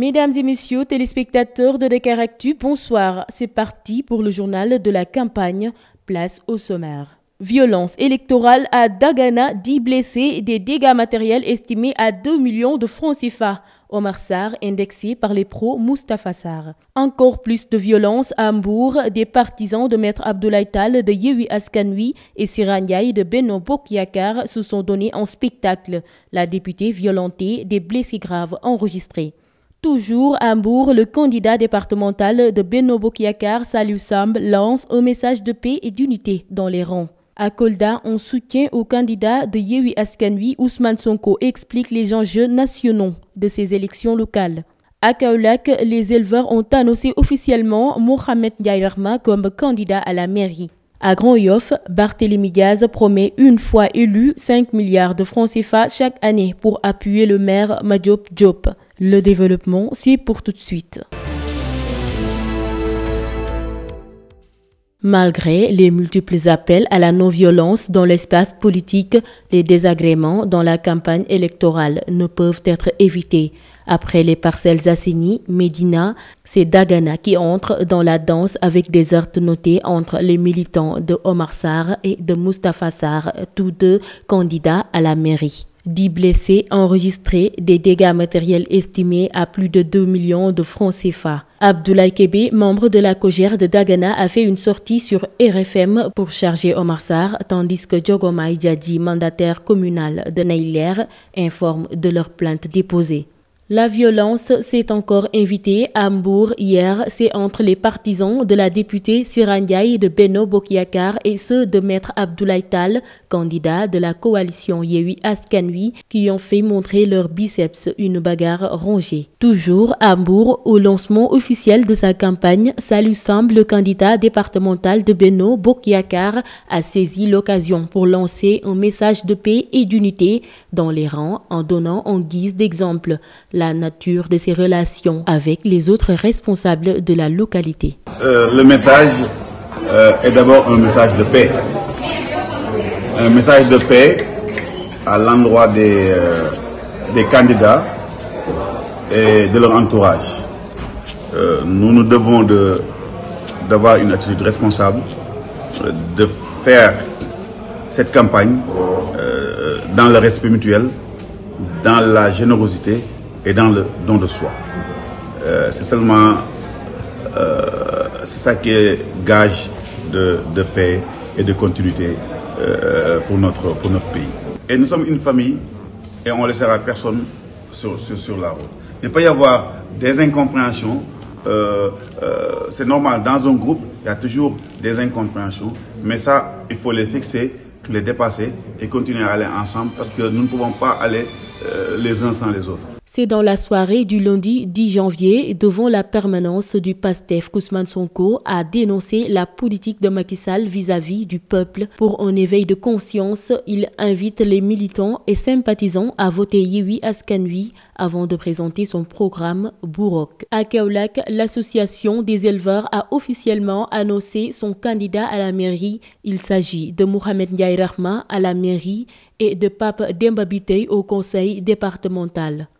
Mesdames et messieurs, téléspectateurs de Dakar bonsoir. C'est parti pour le journal de la campagne Place au sommaire. Violence électorale à Dagana, 10 blessés, des dégâts matériels estimés à 2 millions de francs CFA. Omar Sarr, indexé par les pros Moustapha Sarr. Encore plus de violence à Hambourg, des partisans de Maître Abdoulaye Tal de Yewi Askanwi et Siranyaï de Beno Bokyakar se sont donnés en spectacle. La députée violentée, des blessés graves enregistrés. Toujours à Hambourg, le candidat départemental de Benobo Kiakar, Salou Samb, lance un message de paix et d'unité dans les rangs. À Kolda, on soutient au candidat de Yewi Askanui, Ousmane Sonko explique les enjeux nationaux de ces élections locales. À Kaulak, les éleveurs ont annoncé officiellement Mohamed Ndiayrma comme candidat à la mairie. À Grand Yoff, Barthélémy Gaz promet une fois élu 5 milliards de francs CFA chaque année pour appuyer le maire Majop Diop. Le développement, c'est pour tout de suite. Malgré les multiples appels à la non-violence dans l'espace politique, les désagréments dans la campagne électorale ne peuvent être évités. Après les parcelles assainies, Medina, c'est Dagana qui entre dans la danse avec des heurts notées entre les militants de Omar Sarr et de Mustafa Sarr, tous deux candidats à la mairie. Dix blessés enregistrés, des dégâts matériels estimés à plus de 2 millions de francs CFA. Abdoulaye Kebe, membre de la cogère de Dagana, a fait une sortie sur RFM pour charger Omar Sarr, tandis que Djogoma Djadji, mandataire communal de Naïler, informe de leur plainte déposée. La violence s'est encore invitée à Hambourg hier. C'est entre les partisans de la députée Sirandiaï de Beno Bokiakar et ceux de Maître Abdoulaye Tal, candidat de la coalition Yewi Askanui, qui ont fait montrer leurs biceps une bagarre rongée. Toujours à Hambourg, au lancement officiel de sa campagne, Salut Sam, le candidat départemental de Beno Bokiakar, a saisi l'occasion pour lancer un message de paix et d'unité dans les rangs en donnant en guise d'exemple la nature de ses relations avec les autres responsables de la localité. Euh, le message euh, est d'abord un message de paix. Un message de paix à l'endroit des, euh, candidats et de leur entourage. nous nous devons d'avoir une attitude responsable, de faire cette campagne dans le respect mutuel, dans la générosité et dans le don de soi. Euh, c'est seulement euh, ça qui est gage de, paix et de continuité euh, pour, notre, pour notre pays. Et nous sommes une famille et on ne laissera personne sur, la route. Il peut y avoir des incompréhensions. c'est normal, dans un groupe, il y a toujours des incompréhensions. Mais ça, il faut les fixer, les dépasser et continuer à aller ensemble parce que nous ne pouvons pas aller les uns sans les autres. C'est dans la soirée du lundi 10 janvier, devant la permanence du PASTEF, Kousman Sonko a dénoncé la politique de Macky Sall vis-à-vis du peuple. Pour un éveil de conscience, il invite les militants et sympathisants à voter Yewi Askanui avant de présenter son programme Bourok. À Kaolak, l'association des éleveurs a officiellement annoncé son candidat à la mairie. Il s'agit de Mohamed Ndiaye Rahma à la mairie et de Pape Dembabitei au conseil départemental.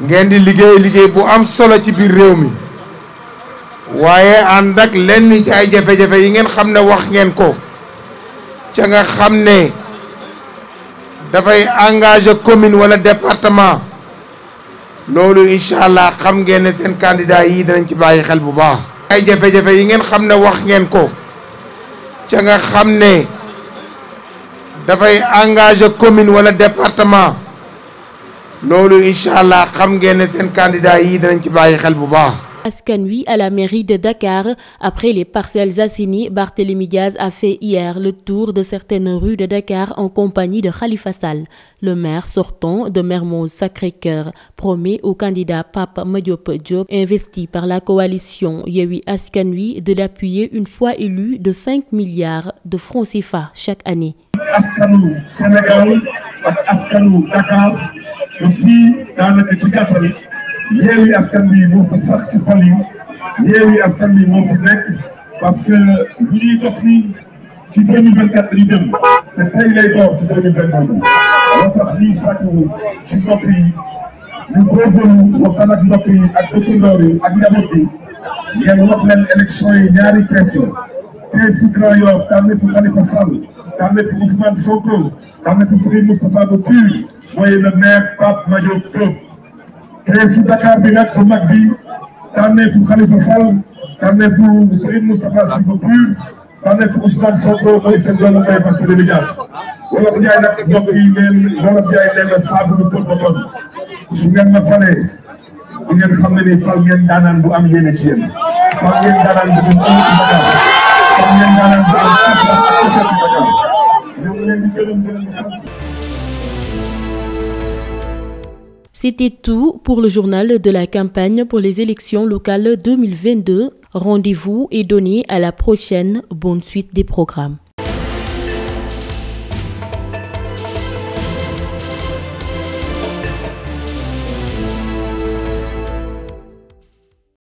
ngeen di liggéey liggéey bu am solo ci biir réew mi waaye ànd lenn ci ay jafe-jafe yi ngeen xam ne wax ngeen ko ca nga xam ne dafay engage commune wala département loolu incha allah xam ngeen ne seen candidat yi danañ ci bàyyi xel bu baax. ay jafe yi ngeen xam ne wax ngeen ko ca nga xam ne dafay engage commune wala département. lolu à la mairie de Dakar après les Parcelles assignées, Barthélémy Diaz a fait hier le tour de certaines rues de Dakar en compagnie de Khalifa Sall le maire sortant de Mermoz Sacré-Cœur promet au candidat Pape Madiop Diop investi par la coalition Yewi Askan de l'appuyer une fois élu de 5 milliards de francs CFA chaque année Askanui Sénégal Dakar ba fii daanaka ci gàttal yeewi askan bi moo fi sax ci xol yi yeewi askan bi moo fi nekk parce que bu ñuy ci deux mille vingt quatre dañu te tey lay ci deux mille vingt deux moo ci mbokk yi ñu góorgóorlu waxtaan ak mbokk yi ak dëkkandoor yi ak njaboot yi ngeen wax leen élection yi ñaari fi Khalifa Sall fi Ousmane Sonko xam ne ci Serigne bu Pire mooy le maire Pape Madiop Diop te su Dakar bi nag bu mag bi tànnee fu Khalifa Sall tànnee fu Serigne Moustapha bu Pire tànnee fu Ousmane Sonko mooy seen doon mbay Fatou Seye Diagne wala bu jaay bu jaay leen saabu bu fóot ba kon su ngeen ma falee di ngeen xam ni fal ngeen daanaan bu am yéene ci fal ngeen daanaan bu am am am am am am am am am am C'était tout pour le journal de la campagne pour les élections locales 2022. Rendez-vous et donné à la prochaine. Bonne suite des programmes.